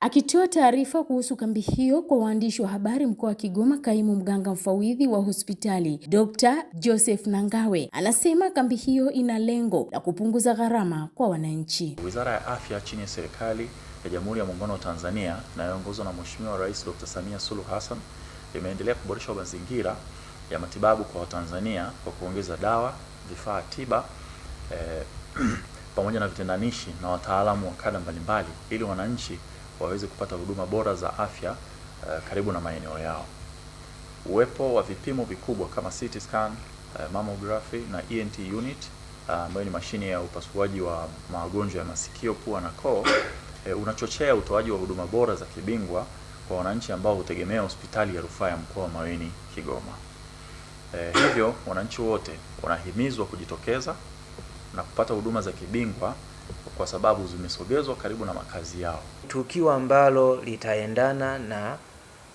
Akitoa taarifa kuhusu kambi hiyo kwa waandishi wa habari mkoa wa Kigoma, kaimu mganga mfawidhi wa hospitali Dr. Joseph Nangawe anasema kambi hiyo ina lengo la kupunguza gharama kwa wananchi. Wizara ya Afya chini ya serikali ya Jamhuri ya Muungano wa Tanzania inayoongozwa na Mheshimiwa Rais Dr. Samia Suluhu Hassan imeendelea kuboresha mazingira ya matibabu kwa Watanzania kwa kuongeza dawa, vifaa tiba eh, pamoja na vitendanishi na wataalamu wa kada mbalimbali ili wananchi waweze kupata huduma bora za afya uh, karibu na maeneo yao. Uwepo wa vipimo vikubwa kama CT scan, uh, mammography na ENT unit eh, ambayo uh, ni mashine ya upasuaji wa magonjwa ya masikio, pua na koo uh, unachochea utoaji wa huduma bora za kibingwa kwa wananchi ambao hutegemea hospitali ya rufaa ya mkoa wa Maweni Kigoma. Eh, hivyo wananchi wote wanahimizwa kujitokeza na kupata huduma za kibingwa kwa sababu zimesogezwa karibu na makazi yao. Tukio ambalo litaendana na,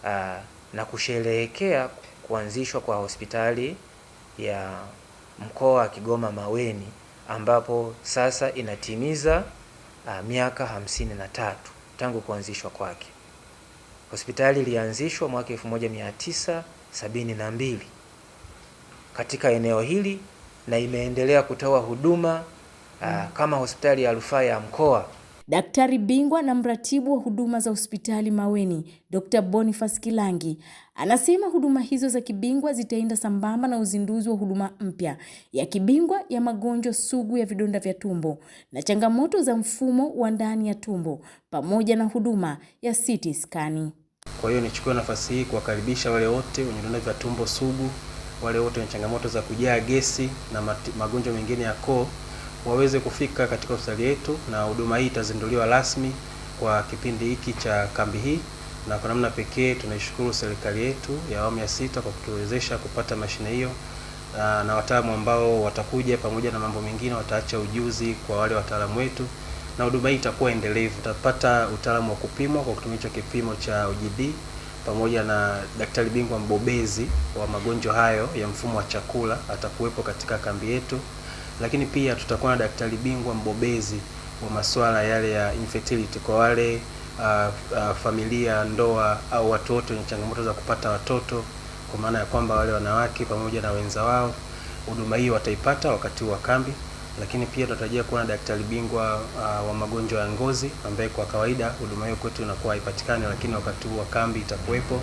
uh, na kusherehekea kuanzishwa kwa hospitali ya mkoa wa Kigoma Maweni ambapo sasa inatimiza uh, miaka hamsini na tatu tangu kuanzishwa kwake. Hospitali ilianzishwa mwaka mbili katika eneo hili na imeendelea kutoa huduma uh, kama hospitali ya rufaa ya mkoa. Daktari bingwa na mratibu wa huduma za hospitali Maweni, Dr. Boniface Kilangi, anasema huduma hizo za kibingwa zitaenda sambamba na uzinduzi wa huduma mpya ya kibingwa ya magonjwa sugu ya vidonda vya tumbo na changamoto za mfumo wa ndani ya tumbo pamoja na huduma ya CT skani. Kwa hiyo nichukue nafasi hii kuwakaribisha wale wote wenye vidonda vya tumbo sugu, wale wote wenye changamoto za kujaa gesi na magonjwa mengine ya koo waweze kufika katika hospitali yetu, na huduma hii itazinduliwa rasmi kwa kipindi hiki cha kambi hii, na kwa namna pekee tunaishukuru serikali yetu ya awamu ya sita kwa kutuwezesha kupata mashine hiyo na, na wataalamu ambao watakuja pamoja na mambo mengine wataacha ujuzi kwa wale wataalamu wetu, na huduma hii itakuwa endelevu. Tutapata utaalamu wa kupimwa kwa kutumia hicho kipimo cha UGD pamoja na daktari bingwa mbobezi wa magonjwa hayo ya mfumo wa chakula atakuwepo katika kambi yetu lakini pia tutakuwa na daktari bingwa mbobezi wa masuala yale ya infertility kwa wale uh, uh, familia, ndoa au watoto wenye changamoto za kupata watoto, kwa maana ya kwamba wale wanawake pamoja na wenza wao, huduma hii wataipata wakati wa kambi. Lakini pia tunatarajia kuwa na daktari bingwa uh, wa magonjwa ya ngozi ambaye kwa kawaida huduma hiyo kwetu inakuwa haipatikani, lakini wakati wa kambi itakuwepo.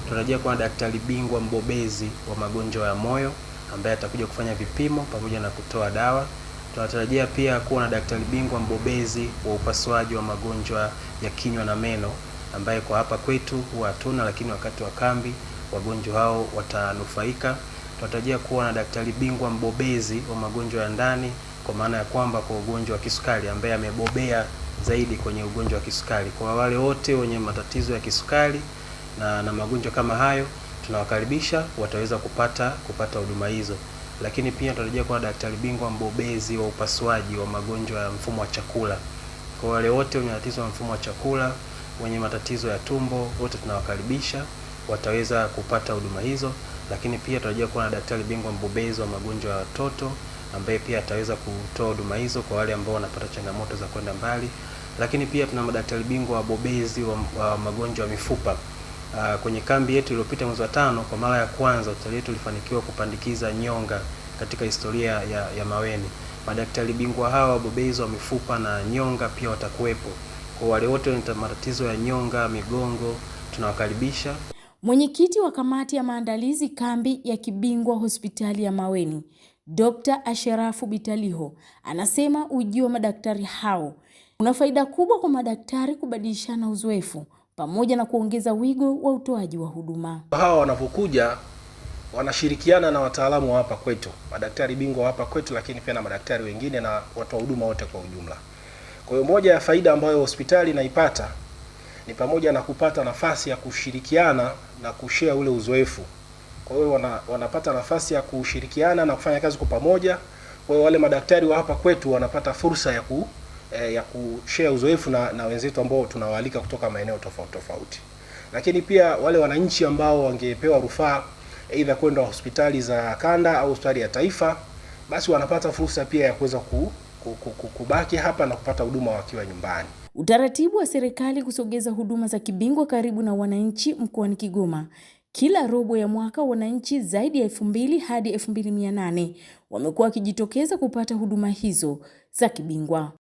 Tunatarajia kuwa na daktari bingwa mbobezi wa magonjwa ya moyo ambaye atakuja kufanya vipimo pamoja na kutoa dawa. Tunatarajia pia kuwa na daktari bingwa mbobezi wa upasuaji wa magonjwa ya kinywa na meno ambaye kwa hapa kwetu huwa hatuna, lakini wakati wa kambi wagonjwa hao watanufaika. Tunatarajia kuwa na daktari bingwa mbobezi wa magonjwa ya ndani, kwa maana ya kwamba kwa ugonjwa wa kisukari, ambaye amebobea zaidi kwenye ugonjwa wa kisukari. Kwa wale wote wenye matatizo ya kisukari na na magonjwa kama hayo tunawakaribisha wataweza kupata kupata huduma hizo, lakini pia tunatarajia kuwa na daktari bingwa mbobezi wa upasuaji wa magonjwa ya mfumo wa chakula kwa wale wote wenye matatizo ya mfumo wa chakula, wenye matatizo ya tumbo, wote tunawakaribisha wataweza kupata huduma hizo. Lakini pia tunatarajia kuwa na daktari bingwa mbobezi wa magonjwa ya watoto ambaye pia ataweza kutoa huduma hizo kwa wale ambao wanapata changamoto za kwenda mbali. Lakini pia tuna madaktari bingwa wabobezi wa, wa magonjwa ya mifupa Uh, kwenye kambi yetu iliyopita mwezi wa tano, kwa mara ya kwanza hospitali yetu ilifanikiwa kupandikiza nyonga katika historia ya, ya Maweni. Madaktari bingwa hawa wabobezi wa mifupa na nyonga pia watakuwepo. Kwa wale wote wenye matatizo ya nyonga, migongo, tunawakaribisha. Mwenyekiti wa kamati ya maandalizi kambi ya kibingwa hospitali ya Maweni, Dr. Asherafu Bitaliho, anasema ujio wa madaktari hao una faida kubwa kwa madaktari kubadilishana uzoefu pamoja na kuongeza wigo wa utoaji wa huduma. Hawa wanapokuja wanashirikiana na wataalamu wa hapa kwetu, madaktari bingwa hapa kwetu, lakini pia na madaktari wengine na watoa huduma wote kwa ujumla. Kwa hiyo moja ya faida ambayo hospitali inaipata ni pamoja na kupata nafasi ya kushirikiana na kushare ule uzoefu. Kwa hiyo wana, wanapata nafasi ya kushirikiana na kufanya kazi kwa pamoja. Kwa hiyo wale madaktari wa hapa kwetu wanapata fursa ya ku eh, ya kushare uzoefu na, na wenzetu ambao tunawaalika kutoka maeneo tofauti tofauti, lakini pia wale wananchi ambao wangepewa rufaa aidha kwenda hospitali za kanda au hospitali ya taifa, basi wanapata fursa pia ya kuweza ku, ku, ku, ku, kubaki hapa na kupata huduma wakiwa nyumbani. Utaratibu wa serikali kusogeza huduma za kibingwa karibu na wananchi mkoani Kigoma kila robo ya mwaka wananchi zaidi ya elfu mbili hadi elfu mbili mia nane wamekuwa wakijitokeza kupata huduma hizo za kibingwa.